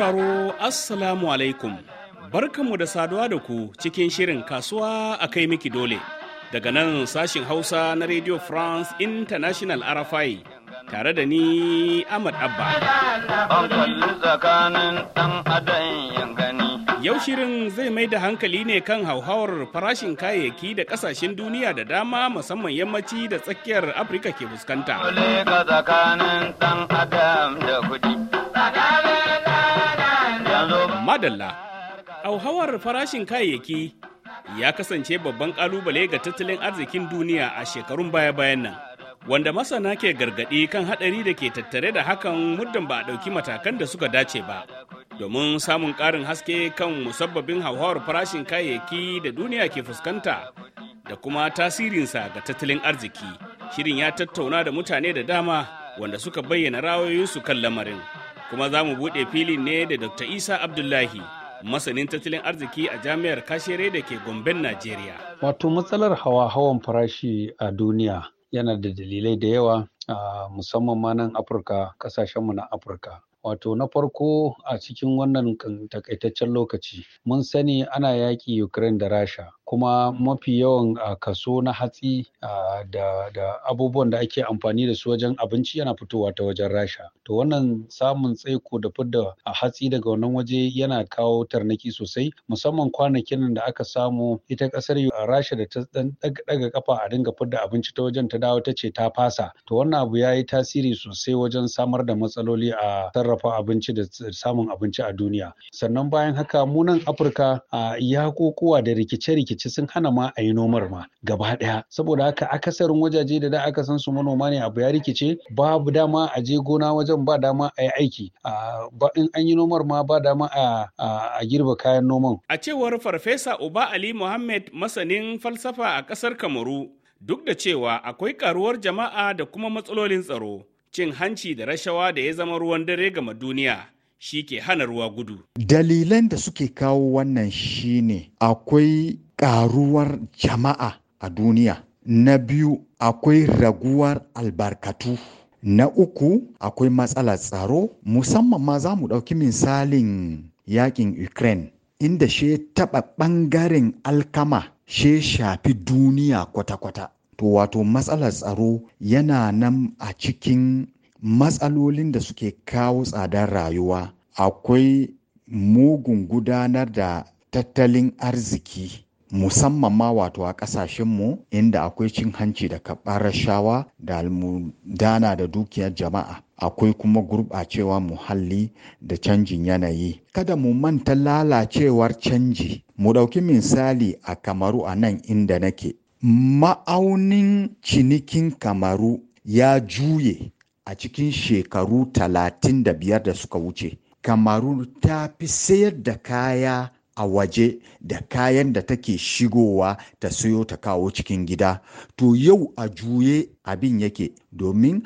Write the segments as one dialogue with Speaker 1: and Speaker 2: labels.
Speaker 1: sauraro Assalamu alaikum. Barkanmu da saduwa da ku cikin shirin kasuwa a kai miki dole. Daga nan sashin Hausa na Radio France International RFI tare da ni Ahmad Abba. Yau shirin zai mai da hankali ne kan hauhawar farashin kayayyaki da kasashen duniya da dama musamman yammaci da tsakiyar Afirka ke fuskanta. tsakanin adam Madalla, hauhawar farashin kayayyaki ya kasance babban kalubale ga tattalin arzikin duniya a shekarun baya-bayan nan, wanda masana ke gargaɗi kan haɗari da ke tattare da hakan muddin ba a ɗauki matakan da suka dace ba. Domin samun ƙarin haske kan musabbabin hauhawar farashin kayayyaki da duniya ke fuskanta da kuma tasirinsa ga tattalin arziki, shirin ya tattauna da mutane da dama wanda suka bayyana rawayoyinsu kan lamarin. kuma za mu buɗe filin ne da dr isa abdullahi masanin tattalin arziki a jami'ar kashere da ke gomben najeriya
Speaker 2: wato matsalar hawa-hawan farashi a duniya yana da dalilai da yawa a musamman ma nan afirka kasashenmu na afirka wato na farko a cikin wannan takaitaccen lokaci mun sani ana yaƙi ukraine da rasha kuma mafi yawan kaso na hatsi da, abubuwan da ake amfani da su wajen abinci yana fitowa ta wajen rasha to wannan samun tsaiko da fidda a hatsi daga wannan waje yana kawo tarnaki sosai musamman kwanakin da aka samu ita kasar rasha da ta daga kafa a dinga fidda abinci ta wajen ta dawo ta ce ta fasa to wannan abu ya yi tasiri sosai wajen samar da matsaloli a sarrafa abinci da samun abinci a duniya sannan bayan haka mu nan afirka ya kokowa da rikice-rikice ce sun hana ma a yi nomar ma gaba ɗaya saboda haka akasarin wajaje da da aka san su manoma ne abu ya rikice babu dama a je gona wajen ba dama a yi aiki ba in an yi nomar ma ba dama a girba kayan noman.
Speaker 1: A cewar Farfesa Uba Ali Muhammad masanin falsafa a ƙasar Kamaru duk da cewa akwai karuwar jama'a da kuma matsalolin tsaro cin hanci da rashawa da ya zama ruwan dare gama duniya. shi ke hana ruwa gudu.
Speaker 3: Dalilan da suke kawo wannan shine akwai ƙaruwar jama'a a duniya. Na biyu akwai raguwar albarkatu. Na uku akwai matsalar tsaro musamman ma za mu ɗauki misalin yakin Ukraine inda she taɓa ɓangaren alkama she shafi duniya kwata-kwata. To wato matsalar tsaro yana nan a cikin matsalolin da suke kawo tsadar rayuwa. Akwai mugun gudanar da tattalin arziki musamman ma wato a ƙasashenmu inda akwai cin hanci da karɓar rashawa da almudana da dukiyar jama'a akwai kuma gurɓacewa muhalli da canjin yanayi kada mu manta lalacewar canji mu ɗauki misali a kamaru a nan inda nake ma'aunin cinikin kamaru ya juye a cikin shekaru talatin da biyar da suka wuce kamaru ta fi sayar da kaya a waje da kayan da take shigowa ta sayo ta kawo cikin gida to yau a juye abin yake domin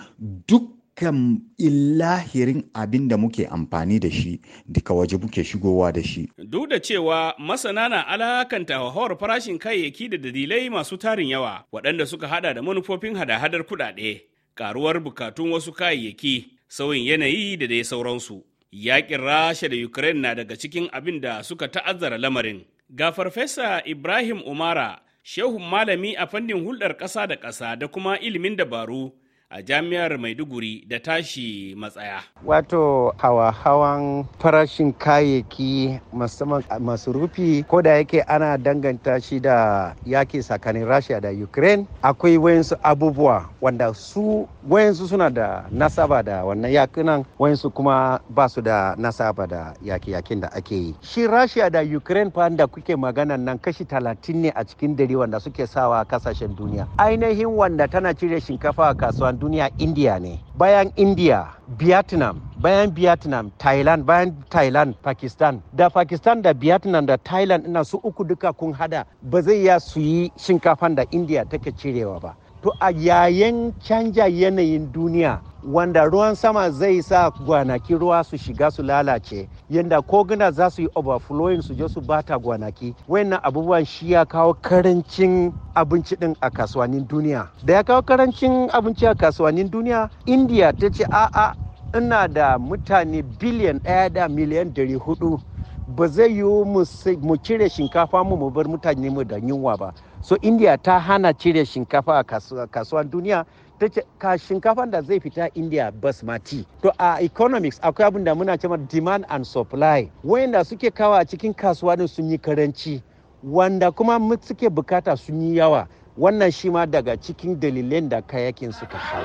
Speaker 3: dukkan illahirin abin da muke amfani da shi duka waje muke shigowa da shi
Speaker 1: duk da cewa masana na alakanta hauhawar farashin kayayyaki da dalilai masu tarin yawa waɗanda suka hada da manufofin hada-hadar kuɗaɗe karuwar bukatun wasu kayayyaki sauyin yanayi da dai sauransu Yaƙin Rasha da Ukraine na daga cikin abin da suka ta'azzara lamarin. Ga Farfesa Ibrahim Umara, shehun malami a fannin hulɗar ƙasa da ƙasa da kuma ilimin dabaru a jami'ar maiduguri da tashi matsaya
Speaker 4: wato hawa-hawan farashin kayayyaki musamman masurufi ko da yake ana danganta shi da yaki tsakanin rasha da ukraine akwai wayansu abubuwa wanda su wayansu suna da nasaba da wannan yakinan wayansu kuma ba su da nasaba da yaki-yakin da ake yi shi rasha da ukraine fa da kuke maganan nan kashi talatin ne a cikin dari wanda suke sawa kasashen duniya ainihin wanda tana cire shinkafa a kasuwa duniya india ne bayan india vietnam bayan vietnam thailand bayan thailand pakistan da pakistan da vietnam da thailand ina su uku duka kun hada ba zai ya su yi shinkafan da india take cirewa ba to a yayin canja yanayin duniya wanda ruwan sama zai sa gwanaki ruwa su shiga su lalace yadda koguna za su yi overflowing su je su bata gwanaki wayannan abubuwan shi ya kawo karancin abinci din a kasuwannin duniya da ya kawo karancin abinci a kasuwannin duniya india ta ce a'a ina da mutane biliyan ɗaya da miliyan dari hudu ba zai yi mu cire shinkafa mu mu bar mutane mu da yunwa ba so india ta hana cire shinkafa a kasuwan duniya ce ka shinkafan da zai fita india basmati to a economics akwai abin da muna cewa demand and supply wayanda suke kawa cikin kasuwa din sun yi karanci wanda kuma suke bukata sun yi yawa wannan shi ma daga cikin dalilin da kayakin suka
Speaker 1: hau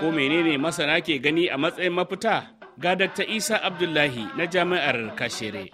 Speaker 1: ko menene masana ke gani a matsayin mafita ga dr isa abdullahi na jami'ar kashere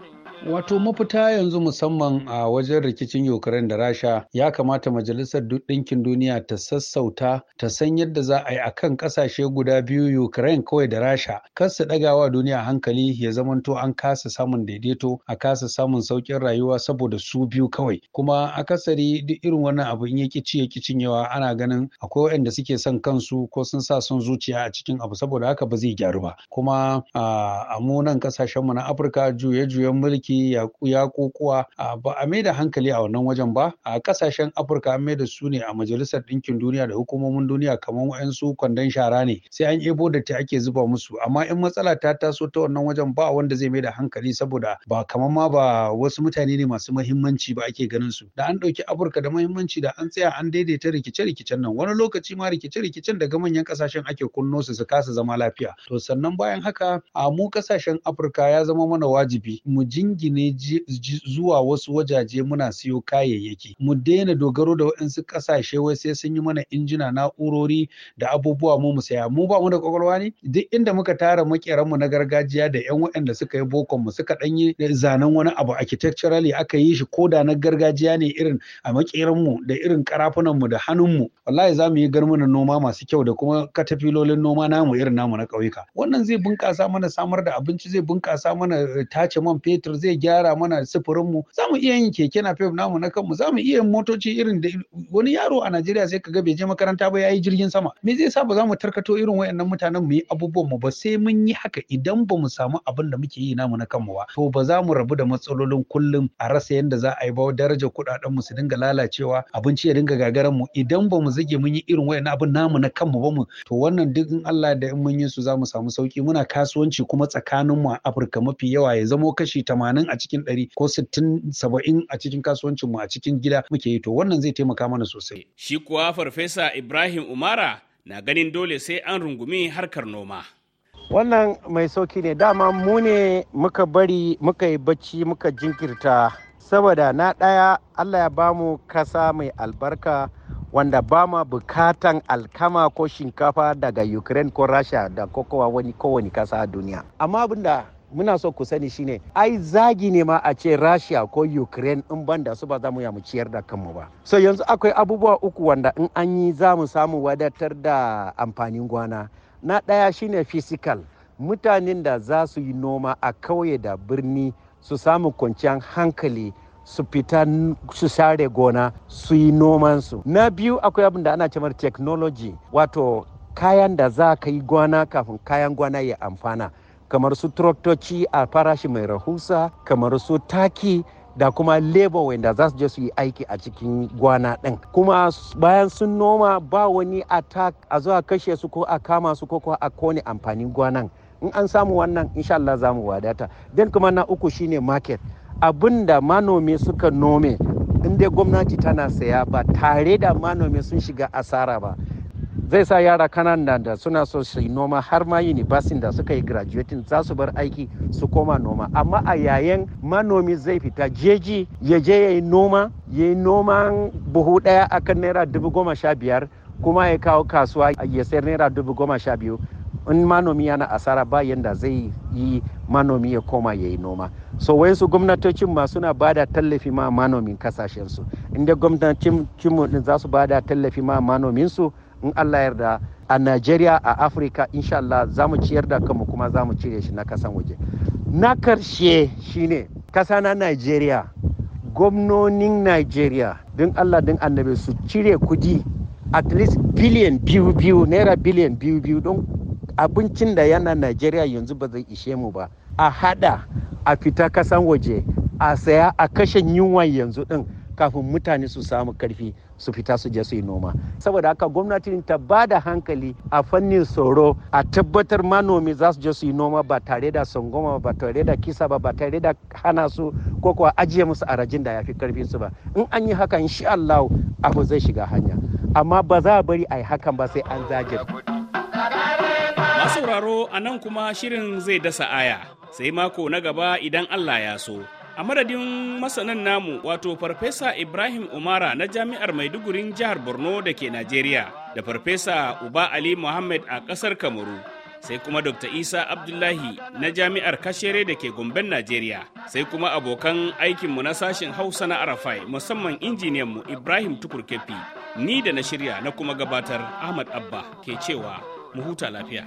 Speaker 2: Wato mafita yanzu musamman a wajen rikicin Ukraine da Rasha ya kamata Majalisar Ɗinkin Duniya ta sassauta ta san yadda za a yi a kan ƙasashe guda biyu Ukraine kawai da Rasha. Kar su ɗagawa duniya hankali ya zamanto an kasa samun daidaito a kasa samun sauƙin rayuwa saboda su biyu kawai. Kuma akasari duk irin wannan abu in ya ƙici ya ƙicin yawa ana ganin akwai waɗanda suke son kansu ko sun sa son zuciya a cikin abu saboda haka ba zai gyaru ba. Kuma a mu nan ƙasashenmu na Afirka juye-juyen mulki ake yakokuwa ba a maida hankali a wannan wajen ba a kasashen afirka an maida su ne a majalisar ɗinkin duniya da hukumomin duniya kamar wa'yansu kwandon shara ne sai an ebo da ta ake zuba musu amma in matsala ta taso ta wannan wajen ba wanda zai maida hankali saboda ba kamar ma ba wasu mutane ne masu mahimmanci ba ake ganin su da an ɗauki afirka da mahimmanci da an tsaya an daidaita rikice-rikicen nan wani lokaci ma rikice-rikicen daga manyan kasashen ake kunno su su kasa zama lafiya to sannan bayan haka a mu kasashen afirka ya zama mana wajibi mu jin ne zuwa wasu wajaje muna siyo kayayyaki mu daina dogaro da waɗansu ƙasashe wai sai sun yi mana injina na'urori da abubuwa mu mu saya mu ba mu da kwakwalwa ne duk inda muka tara makeran mu na gargajiya da yan waɗanda suka yi bokon mu suka yi zanen wani abu architecturally aka yi shi ko da na gargajiya ne irin a makeran mu da irin karafunan mu da hannun mu wallahi za mu yi garmuna noma masu kyau da kuma katafilolin noma namu irin namu na ƙauyuka wannan zai bunƙasa mana samar da abinci zai bunƙasa mana eh, tace man fetur zai zai gyara mana sufurin mu za mu iya yin keke na fef namu na kanmu za mu iya motoci irin da wani yaro a Najeriya sai ka ga bai je makaranta ba yayi jirgin sama me zai sa ba za mu tarkato irin wayannan mutanen mu yi abubuwan mu ba sai mun yi haka idan ba mu samu abin da muke yi namu na kanmu ba to ba za mu rabu da matsalolin kullum a rasa yadda za a yi ba daraja kudaden mu su dinga lalacewa abinci ya dinga gagaran mu idan ba mu zage mun yi irin wayannan abin namu na kanmu ba mu to wannan duk in Allah da in mun yi su za mu samu sauki muna kasuwanci kuma tsakanin mu a Afirka mafi yawa ya zamo kashi 80 tamanin a cikin ɗari ko sittin saba'in a cikin kasuwancinmu a cikin gida muke yi to wannan zai taimaka mana sosai.
Speaker 1: Shi kuwa Farfesa Ibrahim Umara na ganin dole sai an rungumi harkar noma.
Speaker 4: Wannan mai sauki ne dama mu ne muka bari muka yi bacci muka jinkirta saboda na ɗaya Allah ya bamu kasa mai albarka wanda ba ma bukatan alkama ko shinkafa daga Ukraine ko Rasha da kokowa kowane kasa a duniya. Amma abinda muna so ku sani shine ai zagi ne ma a ce Russia ko Ukraine in ban da su ba za mu ya mu ciyar da kanmu ba so yanzu akwai abubuwa uku wanda in an yi za mu samu wadatar da amfanin gwana na ɗaya shine physical mutanen da za su yi noma a kauye da birni su samu kwanciyar hankali su fita su share gona su yi nomansu na biyu akwai abin da ana cimar technology wato kayan da za ka yi gwana kafin kayan gwana ya amfana kamar su traktoci a farashi mai rahusa kamar su taki da kuma labor wanda za su je su yi aiki a cikin gwana ɗin kuma bayan sun noma ba wani attack a zuwa kashe su ko a kama su ko a kone amfanin gwanan in an samu wannan insha Allah za mu wadata den kuma na uku shine market abinda da manomi suka nome in dai gwamnati tana saya ba tare da manomi sun shiga asara ba zai sa yara kananan da suna so su yi noma har ma yunibasin da suka yi graduating za su bar aiki su koma noma amma a yayin manomi zai fita jeji ya je ya yi noma ya yi noman buhu daya a kan naira dubu goma sha biyar kuma ya kawo kasuwa ya sayar naira dubu goma sha biyu in manomi yana asara ba yanda zai yi manomi ya koma ya yi noma so wayansu gwamnatocin ma suna ba da tallafi ma manomin kasashensu inda gwamnatocin za su ba da tallafi ma manominsu in Allah yarda a Najeriya a Afirka insha Allah za mu ciyar da kanmu kuma za mu cire shi na kasan waje na karshe shine kasa na Najeriya gwamnonin Najeriya don Allah don annabi su cire kudi at least biliyan biyu biyu naira biliyan biyu biyu don abincin da yana Najeriya yanzu ba zai ishe mu ba a hada a fita kasan waje a saya a kashe yunwa yanzu din kafin mutane su samu karfi su fita su je su yi noma saboda haka gwamnati ta ba da hankali a fannin tsoro a tabbatar manomi za su je su yi noma ba tare da sangoma ba tare da kisa ba ba tare da hana su ko kuwa ajiye musu arajin da ya fi karfin su ba in an yi haka insha Allah abu zai shiga hanya amma ba za a bari a yi hakan ba sai an zage
Speaker 1: masauraro a nan kuma shirin zai dasa aya sai mako na gaba idan Allah ya so a madadin masanan namu wato farfesa ibrahim umara na jami'ar maidugurin jihar borno da ke najeriya da farfesa uba ali muhammad a kasar kamaru sai kuma dr isa abdullahi na jami'ar kashere da ke gomben najeriya sai kuma abokan aikinmu na sashen hausa na arafai musamman injiniyanmu ibrahim tukur kefi ni da na shirya na kuma gabatar ahmad abba ke cewa mu huta lafiya